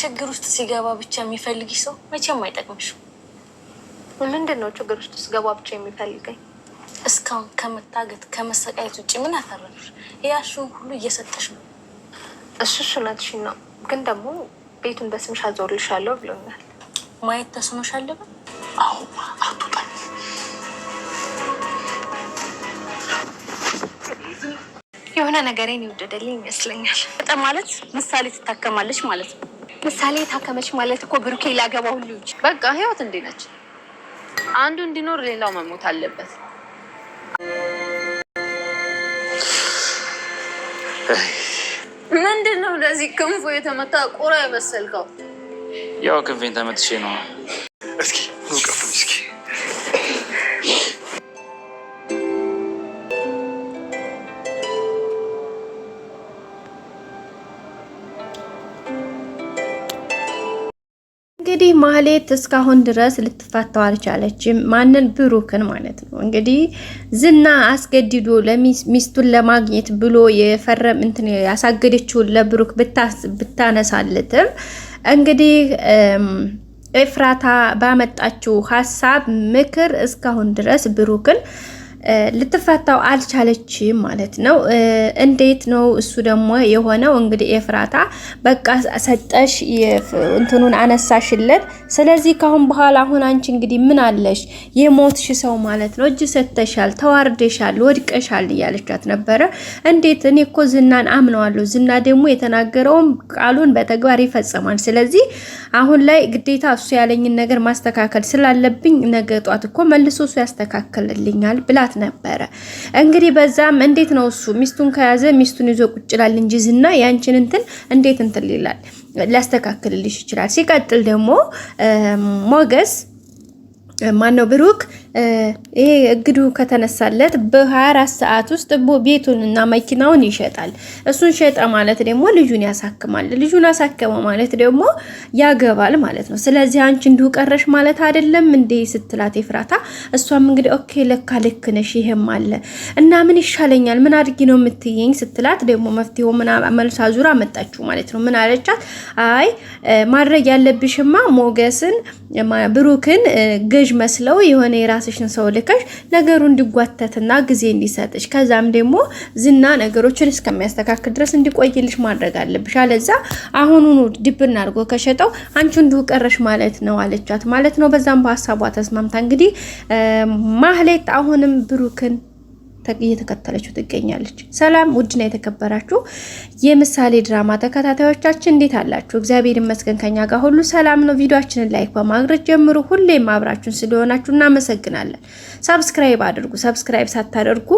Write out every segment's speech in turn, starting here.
ችግር ውስጥ ሲገባ ብቻ የሚፈልግሽ ሰው መቼም አይጠቅምሽም። ምንድን ነው ችግር ውስጥ ስገባ ብቻ የሚፈልገኝ? እስካሁን ከመታገት ከመሰቃየት ውጭ ምን ያተረፍሽ? ያሽን ሁሉ እየሰጠሽ ነው። እሱ እሱ እውነትሽን ነው፣ ግን ደግሞ ቤቱን በስምሽ አዞርልሻለሁ ብሎኛል። ማየት ተስኖሽ አለብን? አዎ የሆነ ነገሬን ይወደደልኝ ይመስለኛል። በጣም ማለት ምሳሌ ትታከማለች ማለት ነው ምሳሌ ታከመች ማለት እኮ ብሩኬ ላገባ ሁሉ ይች በቃ ህይወት እንዴ ነች። አንዱ እንዲኖር ሌላው መሞት አለበት። ምንድን ነው ለዚህ ክንፎ የተመታ ቁራ የመሰልከው? ያው ክንፌን ተመትቼ ነው። እንግዲህ ማህሌት እስካሁን ድረስ ልትፈታው አልቻለችም። ማንን? ብሩክን ማለት ነው። እንግዲህ ዝና አስገድዶ ሚስቱን ለማግኘት ብሎ የፈረም እንትን ያሳገደችውን ለብሩክ ብታነሳለትም እንግዲህ ኤፍራታ ባመጣችው ሀሳብ ምክር እስካሁን ድረስ ብሩክን ልትፈታው አልቻለችም ማለት ነው። እንዴት ነው እሱ ደግሞ የሆነው? እንግዲህ ኤፍራታ በቃ ሰጠሽ እንትኑን አነሳሽለት። ስለዚህ ካሁን በኋላ አሁን አንቺ እንግዲህ ምን አለሽ የሞትሽ ሰው ማለት ነው፣ እጅ ሰጥተሻል፣ ተዋርደሻል፣ ወድቀሻል እያለቻት ነበረ። እንዴት እኔ እኮ ዝናን አምነዋለሁ። ዝና ደግሞ የተናገረውን ቃሉን በተግባር ይፈጸማል። ስለዚህ አሁን ላይ ግዴታ እሱ ያለኝን ነገር ማስተካከል ስላለብኝ ነገ ጧት እኮ መልሶ እሱ ያስተካከልልኛል ብላ እያላት ነበረ። እንግዲህ በዛም እንዴት ነው እሱ ሚስቱን ከያዘ ሚስቱን ይዞ ቁጭ ይላል እንጂ ዝና ያንቺን እንትን እንዴት እንትን ይላል ሊያስተካክልልሽ ይችላል። ሲቀጥል ደግሞ ሞገስ ማነው ብሩክ ይሄ እግዱ ከተነሳለት በ24 ሰዓት ውስጥ ቤቱን እና መኪናውን ይሸጣል። እሱን ሸጠ ማለት ደግሞ ልጁን ያሳክማል። ልጁን አሳከመ ማለት ደግሞ ያገባል ማለት ነው። ስለዚህ አንቺ እንዲሁ ቀረሽ ማለት አይደለም እንዴ ስትላት ይፍራታ። እሷም እንግዲህ ኦኬ ለካ ልክ ነሽ ይሄም አለ እና ምን ይሻለኛል ምን አድርጊ ነው የምትይኝ ስትላት ደግሞ መፍትሄው ምን መልሳ ዙራ መጣችሁ ማለት ነው። ምን አለቻት? አይ ማድረግ ያለብሽማ ሞገስን ብሩክን ገዥ ልጅ መስለው የሆነ የራስሽን ሰው ልከሽ ነገሩ እንዲጓተትና ጊዜ እንዲሰጥሽ ከዛም ደግሞ ዝና ነገሮችን እስከሚያስተካክል ድረስ እንዲቆይልሽ ማድረግ አለብሽ። አለዛ አሁኑኑ ድብና አድርጎ ከሸጠው አንቺ እንዲሁ ቀረሽ ማለት ነው አለቻት ማለት ነው። በዛም በሀሳቧ ተስማምታ እንግዲህ ማህሌት አሁንም ብሩክን እየተከተለችው ትገኛለች። ሰላም ውድና የተከበራችሁ የምሳሌ ድራማ ተከታታዮቻችን እንዴት አላችሁ? እግዚአብሔር ይመስገን ከኛ ጋር ሁሉ ሰላም ነው። ቪዲዮአችንን ላይክ በማድረግ ጀምሩ። ሁሌም አብራችሁን ስለሆናችሁ እናመሰግናለን። ሰብስክራይብ አድርጉ። ሰብስክራይብ ሳታደርጉ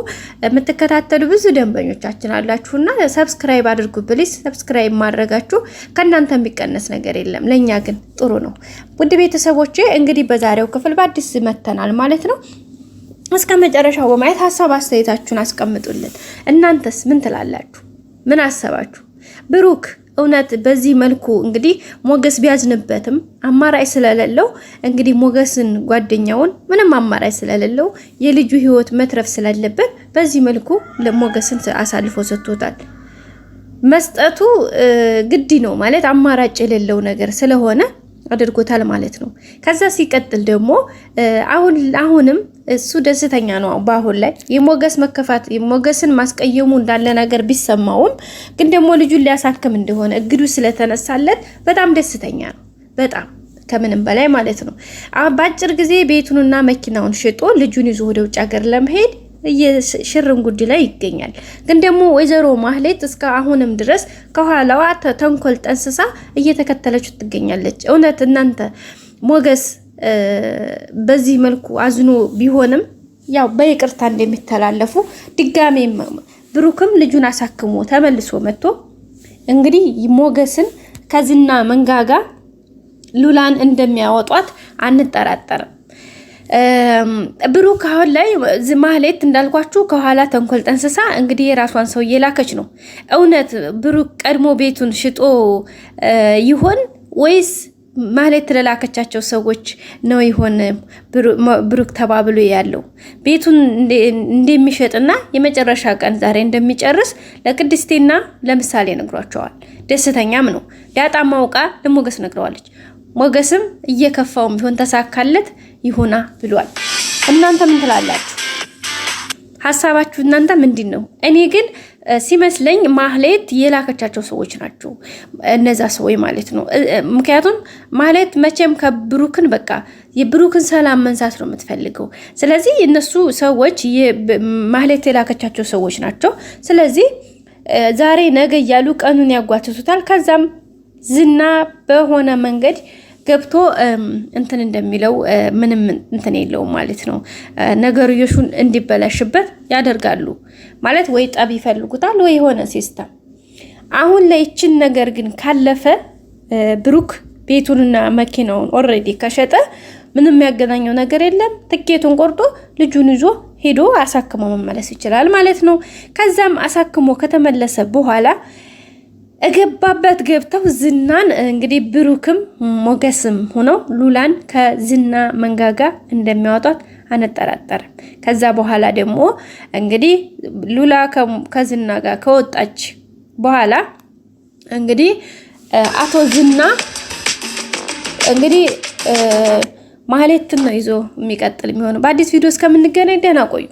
የምትከታተሉ ብዙ ደንበኞቻችን አላችሁና ሰብስክራይብ አድርጉ ፕሊስ። ሰብስክራይብ ማድረጋችሁ ከእናንተ የሚቀነስ ነገር የለም፣ ለእኛ ግን ጥሩ ነው። ውድ ቤተሰቦቼ እንግዲህ በዛሬው ክፍል በአዲስ መተናል ማለት ነው። እስከ መጨረሻው በማየት ሀሳብ አስተያየታችሁን አስቀምጡልን። እናንተስ ምን ትላላችሁ? ምን አሰባችሁ? ብሩክ እውነት በዚህ መልኩ እንግዲህ ሞገስ ቢያዝንበትም አማራጭ ስለሌለው እንግዲህ ሞገስን ጓደኛውን ምንም አማራጭ ስለሌለው የልጁ ሕይወት መትረፍ ስላለበት በዚህ መልኩ ሞገስን አሳልፎ ሰጥቶታል። መስጠቱ ግድ ነው ማለት አማራጭ የሌለው ነገር ስለሆነ አድርጎታል ማለት ነው። ከዛ ሲቀጥል ደግሞ አሁን አሁንም እሱ ደስተኛ ነው በአሁን ላይ የሞገስ መከፋት የሞገስን ማስቀየሙ እንዳለ ነገር ቢሰማውም ግን ደግሞ ልጁን ሊያሳክም እንደሆነ እግዱ ስለተነሳለት በጣም ደስተኛ ነው። በጣም ከምንም በላይ ማለት ነው። በአጭር ጊዜ ቤቱንና መኪናውን ሽጦ ልጁን ይዞ ወደ ውጭ ሀገር ለመሄድ ሽርን ጉድ ላይ ይገኛል። ግን ደግሞ ወይዘሮ ማህሌት እስከ አሁንም ድረስ ከኋላዋ ተንኮል ጠንስሳ እየተከተለች ትገኛለች። እውነት እናንተ ሞገስ በዚህ መልኩ አዝኖ ቢሆንም ያው በይቅርታ እንደሚተላለፉ ድጋሜም ብሩክም ልጁን አሳክሞ ተመልሶ መጥቶ እንግዲህ ሞገስን ከዝና መንጋጋ ሉላን እንደሚያወጧት አንጠራጠርም። ብሩክ አሁን ላይ ማህሌት እንዳልኳችሁ ከኋላ ተንኮል ጠንስሳ እንግዲህ የራሷን ሰው እየላከች ነው። እውነት ብሩክ ቀድሞ ቤቱን ሽጦ ይሆን ወይስ ማለት የተለላከቻቸው ሰዎች ነው ይሆን ብሩክ ተባብሎ ያለው ቤቱን እንደሚሸጥና የመጨረሻ ቀን ዛሬ እንደሚጨርስ ለቅድስቴና ለምሳሌ ነግሯቸዋል። ደስተኛም ነው። ዳጣ ማውቃ ለሞገስ ነግረዋለች። ሞገስም እየከፋውም ቢሆን ተሳካለት ይሁና ብሏል። እናንተ ምን ትላላችሁ? ሀሳባችሁ እናንተ ምንድን ነው? እኔ ግን ሲመስለኝ ማህሌት የላከቻቸው ሰዎች ናቸው እነዛ ሰዎች ማለት ነው። ምክንያቱም ማህሌት መቼም ከብሩክን በቃ የብሩክን ሰላም መንሳት ነው የምትፈልገው። ስለዚህ እነሱ ሰዎች ማህሌት የላከቻቸው ሰዎች ናቸው። ስለዚህ ዛሬ ነገ እያሉ ቀኑን ያጓትቱታል። ከዛም ዝና በሆነ መንገድ ገብቶ እንትን እንደሚለው ምንም እንትን የለውም ማለት ነው። ነገርዮሹን እንዲበላሽበት ያደርጋሉ ማለት ወይ ጠብ ይፈልጉታል ወይ የሆነ ሲስተም። አሁን ላይችን ነገር ግን ካለፈ ብሩክ ቤቱንና መኪናውን ኦልሬዲ ከሸጠ ምንም የሚያገናኘው ነገር የለም። ትኬቱን ቆርጦ ልጁን ይዞ ሄዶ አሳክሞ መመለስ ይችላል ማለት ነው። ከዛም አሳክሞ ከተመለሰ በኋላ እገባበት ገብተው ዝናን እንግዲህ ብሩክም ሞገስም ሆነው ሉላን ከዝና መንጋጋ እንደሚያወጧት አንጠራጠርም። ከዛ በኋላ ደግሞ እንግዲህ ሉላ ከዝና ጋር ከወጣች በኋላ እንግዲህ አቶ ዝና እንግዲህ ማህሌትን ነው ይዞ የሚቀጥል የሚሆነው። በአዲስ ቪዲዮ እስከምንገናኝ ደህና ቆዩ።